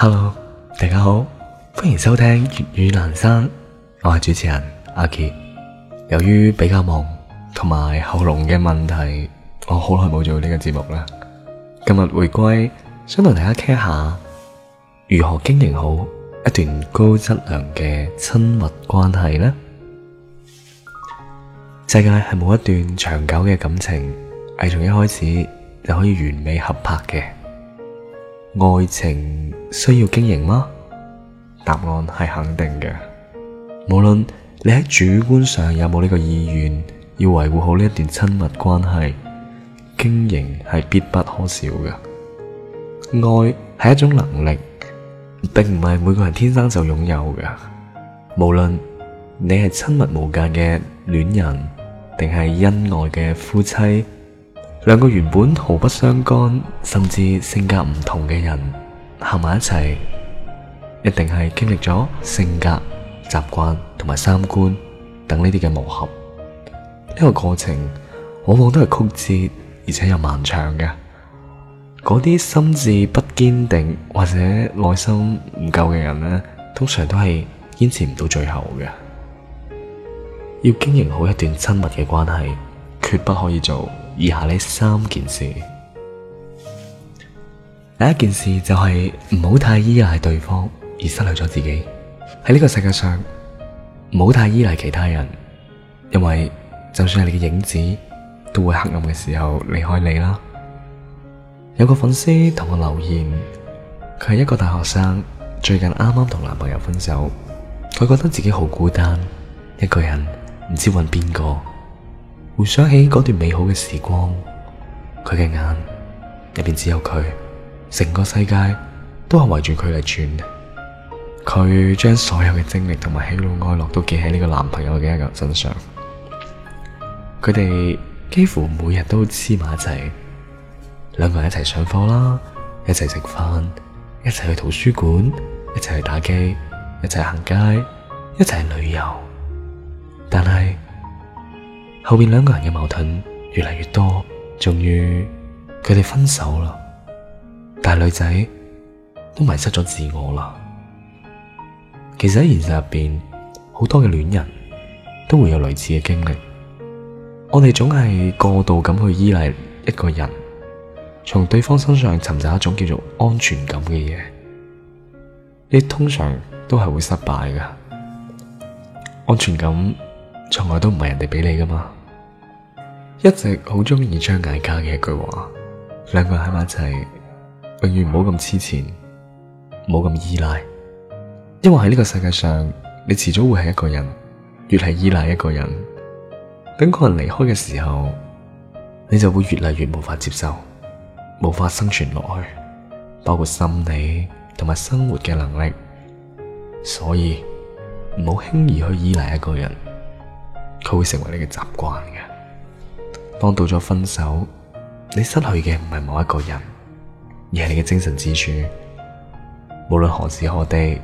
Hello，大家好，歡迎收聽粵語南山，我係主持人阿杰。由於比較忙同埋喉嚨嘅問題，我好耐冇做呢個節目啦。今日回歸，想同大家傾下如何經營好一段高質量嘅親密關係呢。世界係冇一段長久嘅感情，係從一開始就可以完美合拍嘅。愛情需要經營嗎？答案係肯定嘅。無論你喺主觀上有冇呢個意願，要維護好呢一段親密關係，經營係必不可少嘅。愛係一種能力，並唔係每個人天生就擁有嘅。無論你係親密無間嘅戀人，定係恩愛嘅夫妻。兩個原本毫不相干，甚至性格唔同嘅人行埋一齊，一定係經歷咗性格、習慣同埋三觀等呢啲嘅磨合。呢個過程往往都係曲折，而且又漫長嘅。嗰啲心智不堅定或者耐心唔夠嘅人呢，通常都係堅持唔到最後嘅。要經營好一段親密嘅關係，決不可以做。以下呢三件事，第一件事就係唔好太依賴對方而失去咗自己。喺呢個世界上，唔好太依賴其他人，因為就算係你嘅影子，都會黑暗嘅時候離開你啦。有個粉絲同我留言，佢係一個大學生，最近啱啱同男朋友分手，佢覺得自己好孤單，一個人唔知揾邊個。回想起嗰段美好嘅時光，佢嘅眼入邊只有佢，成個世界都係圍住佢嚟轉。佢將所有嘅精力同埋喜怒哀樂都寄喺呢個男朋友嘅一個身上。佢哋幾乎每日都黐埋一齊，兩個人一齊上課啦，一齊食飯，一齊去圖書館，一齊去打機，一齊行街，一齊去旅遊。但係。後邊兩個人嘅矛盾越嚟越多，終於佢哋分手啦。但女仔都迷失咗自我啦。其實喺現實入邊，好多嘅戀人都會有類似嘅經歷。我哋總係過度咁去依賴一個人，從對方身上尋找一種叫做安全感嘅嘢。你通常都係會失敗噶。安全感從來都唔係人哋俾你噶嘛。一直好中意張艾嘉嘅一句話：兩個人喺埋一齊，永遠唔好咁痴纏，冇咁依賴，因為喺呢個世界上，你遲早會係一個人，越係依賴一個人，等個人離開嘅時候，你就會越嚟越無法接受，無法生存落去，包括心理同埋生活嘅能力。所以，唔好輕易去依賴一個人，佢會成為你嘅習慣嘅。當到咗分手，你失去嘅唔係某一個人，而係你嘅精神支柱。無論何時何地，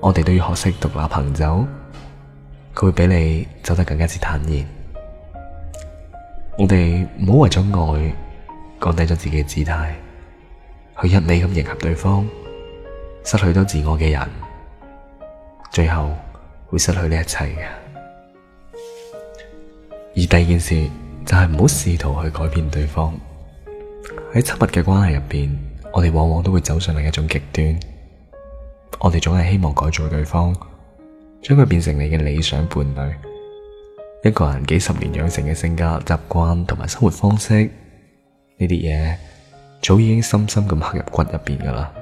我哋都要學識獨立行走，佢會畀你走得更加之坦然。我哋唔好為咗愛降低咗自己嘅姿態，去一味咁迎合對方，失去咗自我嘅人，最後會失去呢一切嘅。而第二件事，就係唔好試圖去改變對方。喺親密嘅關係入邊，我哋往往都會走上另一種極端。我哋總係希望改造對方，將佢變成你嘅理想伴侶。一個人幾十年養成嘅性格、習慣同埋生活方式呢啲嘢，早已經深深咁刻入骨入邊噶啦，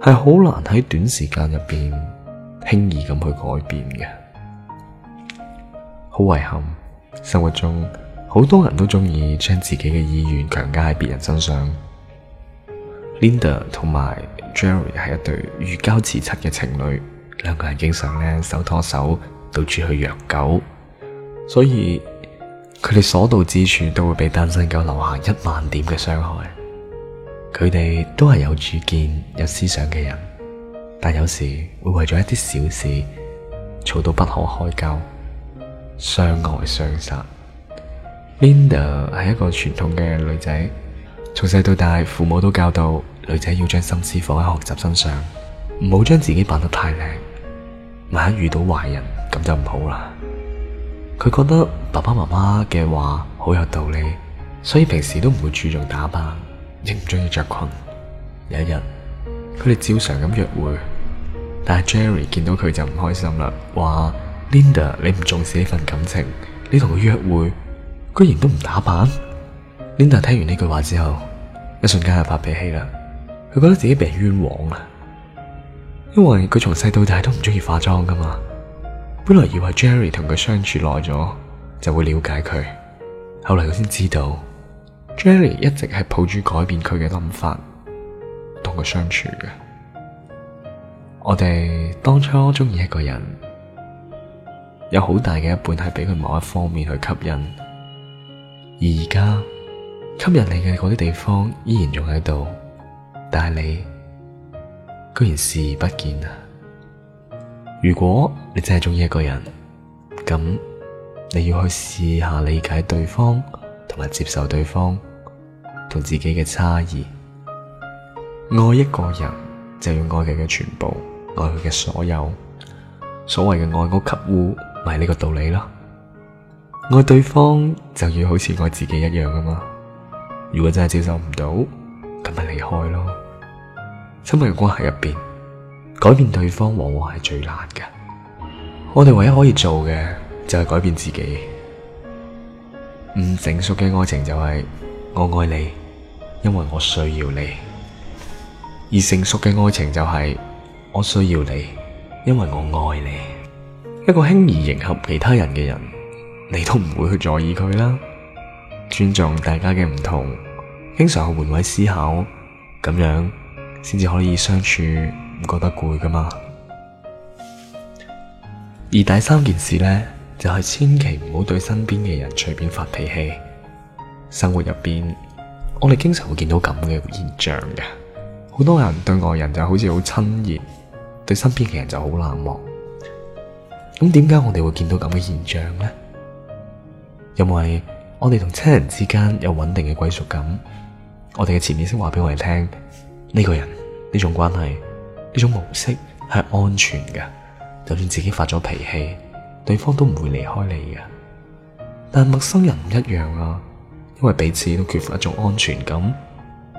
係好難喺短時間入邊輕易咁去改變嘅。好遺憾。生活中好多人都中意將自己嘅意願強加喺別人身上。Linda 同埋 Jerry 係一對如膠似漆嘅情侶，兩個人經常咧手拖手到處去虐狗，所以佢哋所到之處都會俾單身狗留下一萬點嘅傷害。佢哋都係有主見、有思想嘅人，但有時會為咗一啲小事吵到不可開交。相愛相殺。Linda 係一個傳統嘅女仔，從細到大，父母都教導女仔要將心思放喺學習身上，唔好將自己扮得太靚，萬一遇到壞人，咁就唔好啦。佢覺得爸爸媽媽嘅話好有道理，所以平時都唔會注重打扮，亦唔中意着裙。有一日，佢哋照常咁約會，但係 Jerry 見到佢就唔開心啦，話，Linda，你唔重視呢份感情，你同佢約會居然都唔打扮。Linda 聽完呢句話之後，一瞬間就發脾氣啦。佢覺得自己被冤枉啦，因為佢從細到大都唔中意化妝噶嘛。本來以為 Jerry 同佢相處耐咗就會了解佢，後來佢先知道 Jerry 一直係抱住改變佢嘅諗法同佢相處嘅。我哋當初中意一個人。有好大嘅一半係俾佢某一方面去吸引，而家吸引你嘅嗰啲地方依然仲喺度，但係你居然視而不見啊！如果你真係中意一個人，咁你要去試下理解對方，同埋接受對方同自己嘅差異。愛一個人就要愛佢嘅全部，愛佢嘅所有。所謂嘅愛屋及烏。咪呢個道理咯，愛對方就要好似愛自己一樣噶嘛。如果真係接受唔到，咁咪離開咯。親密嘅關係入邊，改變對方往往係最難嘅。我哋唯一可以做嘅就係改變自己。唔成熟嘅愛情就係我愛你，因為我需要你；而成熟嘅愛情就係我需要你，因為我愛你。一個輕易迎合其他人嘅人，你都唔會去在意佢啦。尊重大家嘅唔同，經常去換位思考，咁樣先至可以相處唔覺得攰噶嘛。而第三件事呢，就係千祈唔好對身邊嘅人隨便發脾氣。生活入邊，我哋經常會見到咁嘅現象嘅，好多人對外人就好似好親熱，對身邊嘅人就好冷漠。咁點解我哋會見到咁嘅現象呢？因為我哋同親人之間有穩定嘅歸屬感，我哋嘅潛意識話俾我哋聽，呢個人、呢種關係呢種模式係安全嘅，就算自己發咗脾氣，對方都唔會離開你嘅。但陌生人唔一樣啊，因為彼此都缺乏一種安全感，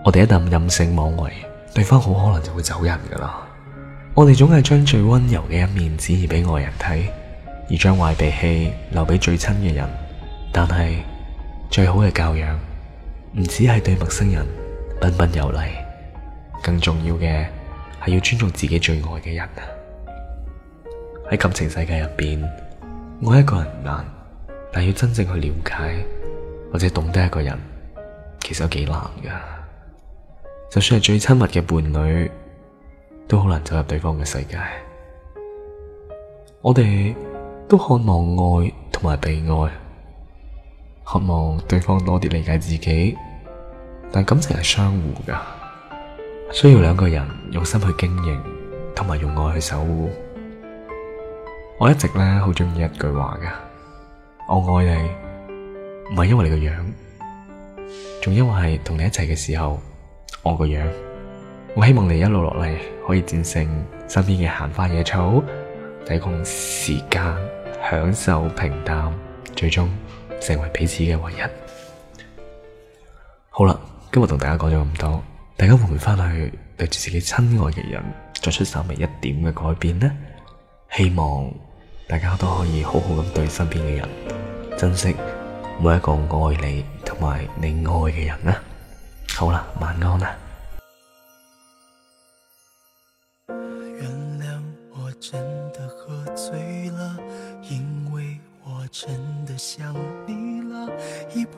我哋一旦任性妄為，對方好可能就會走人噶啦。我哋總係將最温柔嘅一面展現俾外人睇，而將壞脾氣留俾最親嘅人。但係最好嘅教養唔止係對陌生人彬彬有禮，更重要嘅係要尊重自己最愛嘅人啊！喺感情世界入邊，愛一個人唔難，但要真正去了解或者懂得一個人，其實有幾難噶。就算係最親密嘅伴侶。都好難走入對方嘅世界，我哋都渴望愛同埋被愛，渴望對方多啲理解自己，但感情係相互噶，需要兩個人用心去經營，同埋用愛去守護。我一直呢好中意一句話噶，我愛你唔係因為你個樣，仲因為係同你一齊嘅時候，我個樣。我希望你一路落嚟可以戰勝身邊嘅閒花野草，抵抗時間，享受平淡，最終成為彼此嘅唯一。好啦，今日同大家講咗咁多，大家會唔會翻去對住自己親愛嘅人作出稍微一點嘅改變呢？希望大家都可以好好咁對身邊嘅人，珍惜每一個愛你同埋你愛嘅人啊！好啦，晚安啦。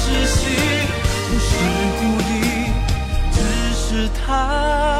窒息不是故意，只是太愛。